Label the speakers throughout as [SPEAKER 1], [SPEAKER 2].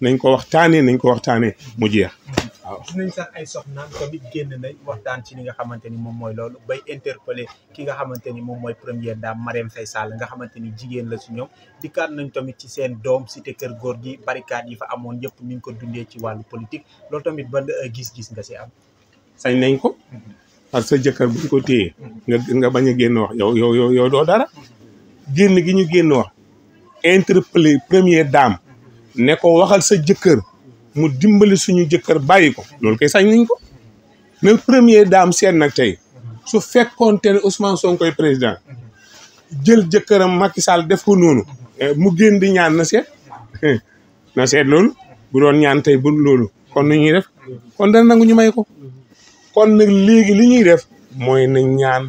[SPEAKER 1] nañ ko waxtaanee nañ ko waxtaanee mu jeex
[SPEAKER 2] waaw gis nañ sax ay soxnaam tamit génn nañ waxtaan ci li nga xamante ni moom mooy loolu bay interpellé ki nga xamante ni moom mooy première dame Marième Faye saal nga xamante ni jigéen la si ñoom dikkaat nañ tamit ci seen doom cité kër góor gi barricade yi fa amoon yëpp ni ñu ko dundee ci wàllu politique loolu tamit ban euh, gis-gis nga si am sañ
[SPEAKER 1] nañ ko parce que jëkkër buñ ko téyee nga nga bañ a génn wax yow yow yow yow doo dara génn gi ñu génn wax interpellé première dame ne ko waxal sa jëkkër mu dimbali suñu jëkkër bàyyi ko loolu kay sañ nañ ko mais premier daam seen nag tey su fekkoon fekkoonte ne Ousmane Sonkoy président jël jëkkëram Macky Sall def ko noonu eh, mu génn di ñaan na seet na seet loolu bu doon ñaan tey bu loolu kon nu ñuy def kon dana nangu ñu may ko kon nag léegi li ñuy def mooy na ñaan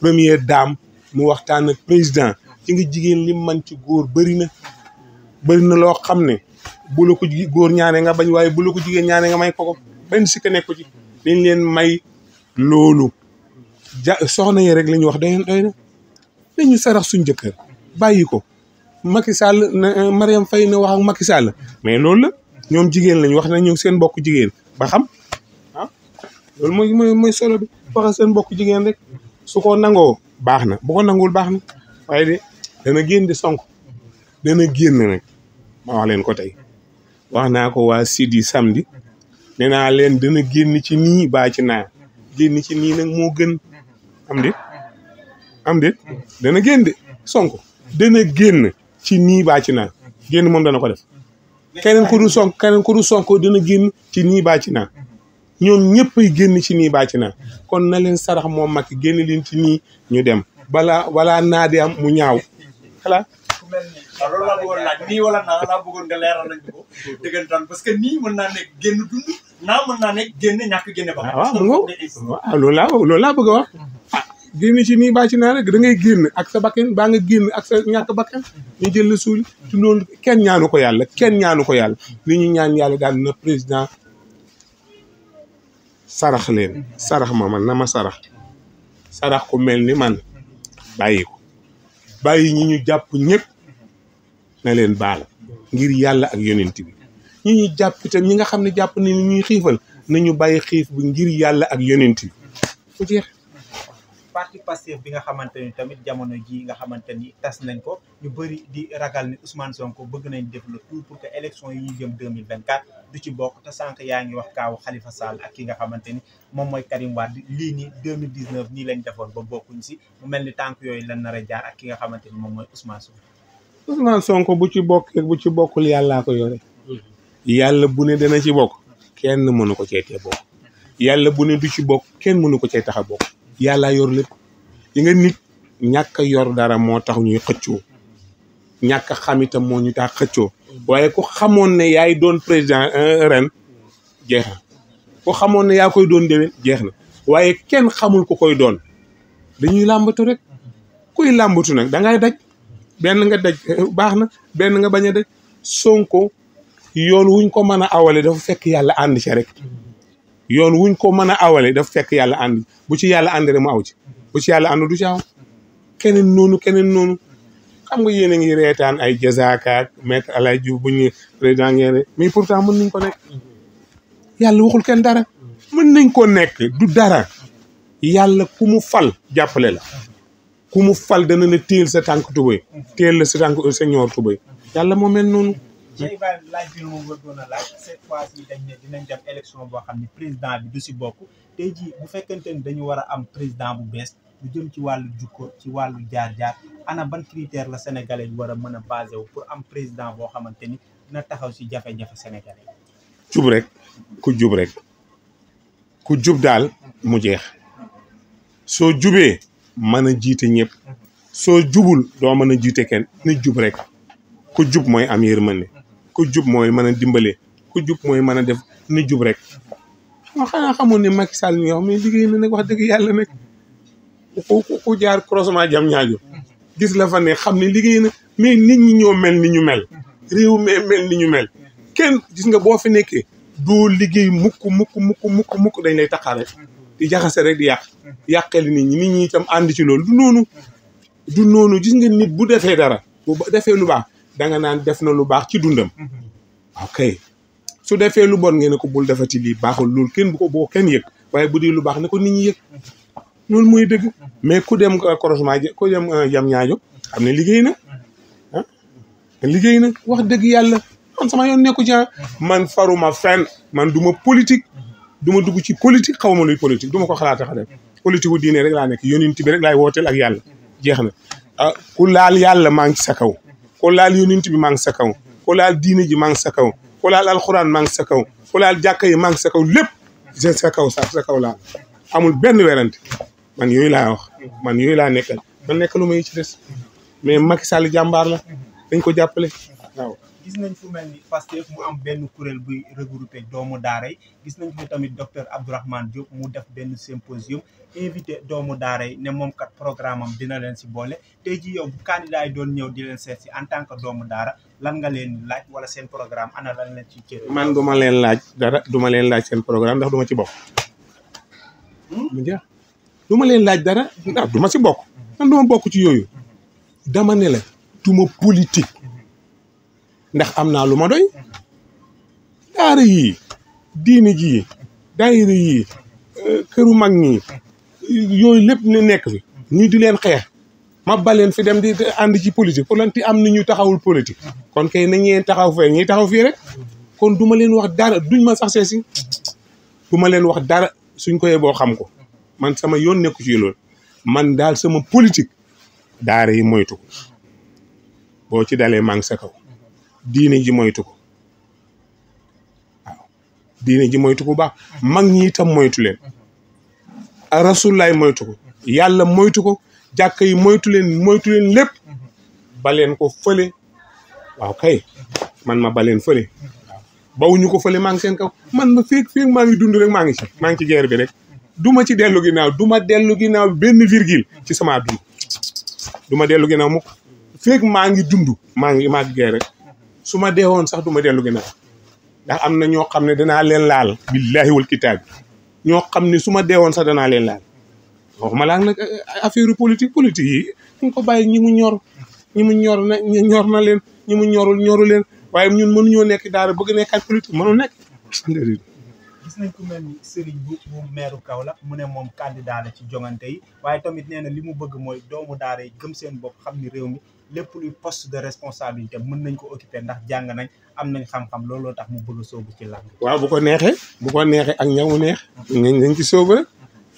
[SPEAKER 1] première daam mu waxtaan ak président ci jigéen li man ci góor bëri na bëri na loo xam ne bu la ko góor ñaane nga bañ waaye bu la ko jigéen ñaane nga may koko benn ne ko ci dañ leen may loolu ja soxna yi rek la wax doy na doy na dañu sarax suñ jëkkër bàyyi ko Macky Sall na eh, Mariam Faye na wax ak Macky Sall mais loolu la ñoom jigéen lañ wax na ñu seen bokk jigéen ba xam ah loolu mooy mooy mooy solo bi wax seen bokk jigéen rek su ko nangoo baax na bu ko nanguwul baax na waaye de dana génn di sonk dana génn nag ma wax leen ko tey wax naa ko waa sud yi samedi nee naa leen dana génn ci nii baa ci na génn ci nii nag moo gën am déet am génn de sonko génn ci nii baa ci naa génn moom dana ko def keneen ku du sonko dana génn ci nii baa ci naa ñoom ñëpp ay génn ci nii baa ci naa kon na leen sarax moom mag génn leen ci nii ñu dem balaa balaa naa di am mu ñaaw
[SPEAKER 2] voilà parce que nii mën naa nekk génn dund naa mën naa nekk génn ñàkk génne ba. Ah, waaw mu ngoog waaw ah,
[SPEAKER 1] loolu laa ah génn ci nii ba ci naa rek da ngay génn ak sa bakkan baa nga génn ak sa ñàkk bakkan ñu jël la suul ci loolu kenn ñaanu ko yàlla kenn ñaanu ko yàlla li ñu ñaan yàlla daal na président sarax leen sarax ma man na ma sarax sarax ku mel ni man bàyyi ko bàyyi ñi ñu jàpp ñëpp. na leen baal ngir yàlla ak yonent bi ñu ñuy jàpp itam ñi nga xam ne jàpp ni ñuy xiifal na ñu bàyyi xiif bi ngir yàlla ak yonent bi
[SPEAKER 2] fu jeex parti Pastef bi nga xamante ni tamit jamono ji nga xamante ni tas nañ ko ñu bëri di ragal ni Ousmane Sonko bëgg nañ def le tout pour que élection yi ñu jëm 2024 du ci bokk te sànq yaa ngi wax kaawu Khalifa Sall ak ki nga xamante ni moom mooy Karim Wade lii nii 2019 nii lañ defoon ba bokkuñ si mu mel ni tànk yooyu lan nar a jaar ak ki nga xamante ni moom mooy Ousmane
[SPEAKER 1] Ousmane Sonko bu ci bokk bu ci bokkul yàllaa ko yore yàlla bu ne dana ci bokk kenn mënu ko cee tee bokk yàlla bu ne du ci bokk kenn mënu ko cee tax bokk yàllaa yor lépp yi nga nit ñàkk a yor dara moo tax ñuy xëccoo ñàkk a moo ñu tax xëccoo waaye ku xamoon ne yaay doon président euh, ren jeex na ku xamoon ne yaa koy doon déwén jeex na waaye kenn xamul ku koy doon dañuy làmbatu rek kuy làmbatu nag da daj benn nga daj baax na benn nga bañ a daj sonko yoon wuñ ko mën a awale fu fekk yàlla ànd ci rek yoon wuñ ko mën a awale dafa fekk yàlla ànd bu ci yàlla ànd rek mu aw ci bu ci yàlla ànd du ci aw keneen noonu keneen noonu xam nga yéen a ngi reetaan ay jazaakaak maître alay Diouf bu ñu président ngeen mais pour pourtant mun nañ ko nekk yàlla waxul kenn dara mën nañ ko nekk du dara yàlla ku mu fal jàppale la ku mu fal dana la téel sa tànk tubay téel la sa tànk sa ñoor tubay yàlla moo mel noonu.
[SPEAKER 2] Cheikh Ibrahima laaj bi a laaj dinañ dem élection boo xam ne président bi du si bokk te jii bu fekkente ni dañu war a am président bu bees lu jëm ci wàllu jukko ci wàllu jaar-jaar ana ban critère la sénégalais yi war a mën a basé wu pour am président boo xamante ni dina taxaw si jafe-jafe sénégalais yi.
[SPEAKER 1] jub rek ku jub rek ku jub daal mu jeex soo jubee. mën a jiite ñëpp soo jubul doo mën a jiite kenn ni jub rek ku jub mooy am yërmande ku jub mooy mën a dimbale ku jub mooy mën a def ni jub rek moo xanaa xamoon ne Macky Sall liggéey na nag wax dëgg yàlla nag ku jaar croisement jam ñaajo gis la fa ne xam ne liggéey na mais nit ñi ñoo mel ni ñu mel réew mi mel ni ñu mel kenn gis nga boo fi nekkee doo liggéey mukk mukk mukk muk mukk dañ lay taxaare di jaxase rek di yàq yàqali nit ñi nit ñi itam ànd ci loolu du noonu du noonu nga nit bu defee dara bu defee lu baax danga naan def na lu baax ci dundam mm-hmm. ok su defee lu bon ngeen ko bul defati lii baaxul loolu kenn bu ko boo kenn yëg waaye bu dee lu baax ne ko nit ñi yëg mm-hmm. loolu mooy dëgg mm-hmm. mais ku dem euh, croisement ku dem jam euh, ñaajo xam ne liggéey na ah liggéey na wax dëgg yàlla man sama yoon nekku ci man faruma fenn man duma politique du ma dugg ci politique xaw ma luy politique duma ma ko xalaat a def politique wu diine rek laa nekk yonent bi rek laay wooteel ak yàlla jeex na ah laal yàlla maa ngi sa kaw ku laal yonent bi maa ngi sa kaw ku laal diine ji maa ngi sa kaw ku laal alxuraan maa ngi sa kaw ku laal jàkka yi maa ngi sa kaw lépp seen sa kaw sax laal amul benn werante man yooyu laa wax man yooyu laa nekkal man nekkalu ma yi ci des mais Macky Sall jàmbaar la dañ ko jàppale
[SPEAKER 2] waaw gis nañ fu mel ni Pastef mu am benn kuréel buy regroupé doomu daara yi gis nañ fi tamit docteur Abdourahmane Diop mu def benn symposium invité doomu daara yi ne moom kat programme dina leen si boole tey ji yow bu candidat doon ñëw di leen seet si en tant que doomu daara lan nga leen laaj wala seen programme ana lan leen ci cër man du
[SPEAKER 1] leen laaj dara duma leen laaj seen programme ndax du ci bokk hmm? ma leen laaj dara ma si bokk hmm. man du bokk ci yooyu dama ne la du politique ndax am naa lu ma doy daara yii diini jii daayira yi euh, këru mag ñi yooyu lépp ni nekk fi ñu di leen xeex ma baleen fi dem di ànd ci politique pour lan am na ñu taxawul politique kon kay nañ leen taxaw fee taxaw fii rek kon duma leen wax dara duñ ma sax seesi du ma leen wax dara suñ koyee boo xam ko man sama yoon nekku ci lool man daal sama politique daara yi moytu boo ci dalee maa ngi sa kaw diine ji moytu ko diine ji moytu ko baax mag ñi itam moytu leen rasulaay moytu ko yàlla moytu ko jàkka yi moytu leen moytu leen lépp baleen ko fale waaw kay man ma baleen fële bawuñu ko fële maa ngi seen kaw man ma féeg féeg maa ngi dund rek maa ngi ci maa ngi ci guerre bi rek duma ci dellu ginnaaw du ma dellu ginnaaw benn virgule ci sama àdduna du dellu ginnaaw mukk féeg maa ngi dund maa ngi maa ngi rek su ma dee woon sax du ma dellu ginnaaw ndax am na ñoo xam ne danaa leen laal. billaahi wal kitaab ñoo xam ne suma ma dee woon sax danaa leen laal waxuma laa nag eh, eh, affaire politique politique yi dañ ko bàyyi ñi mu ñor ñi mu ñor na ñor na leen ñi mu ñorul ñoru leen waaye ñun mënuñoo nekk daara bëgg nekkaat politique mënu nekk.
[SPEAKER 2] gis nañ ku mel ni sëriñ mu ne moom candidat la ci jongante yi tamit nee na li mu bëgg mooy doomu daara yi seen bopp xam ni réew mi lépp luy de responsabilité mën nañ ko occuper ndax jàng nañ am nañ xam-xam looloo tax mu bëgg a sóobu ci làng.
[SPEAKER 1] waaw bu ko neexee bu ko neexee ak ñamu neex. nañ nañ ci sóobu rek.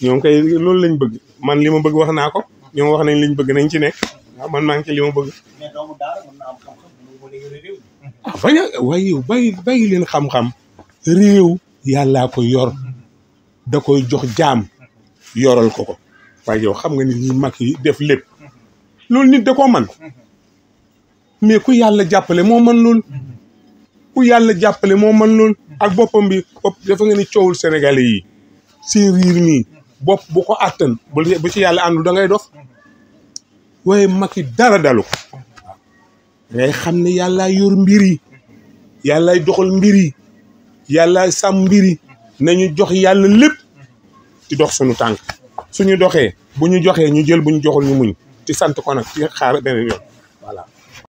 [SPEAKER 1] ñoom kay loolu lañ bëgg man li ma bëgg wax naa ko. ñoom wax nañ liñ bëgg nañ ci nekk. man maa ngi ci li ma bëgg. mais doomu ah bañ a leen xam-xam réew yàllaa ko yor da koy jox jaam yoral ko ko waaye yow xam nga ni ñi mag yi def lépp loolu nit da koo man mais ku yàlla jàppale moo man loolu ku yàlla jàppale moo man loolu ak boppam bi bopp dafa nga ni coowul sénégalais yi seen riir mii bopp bu ko àttan bu ci yàlla àndul da ngay dof waaye mag yi dara dalu ngay xam ne yàllaa yor mbir yàllaay doxal mbir yi yàlla sàmm mbiri nañu jox yàlla lépp di dox suñu tànk suñu doxee bu ñu joxee ñu jël bu ñu joxul ñu muñ ci sant ko nag ci xaar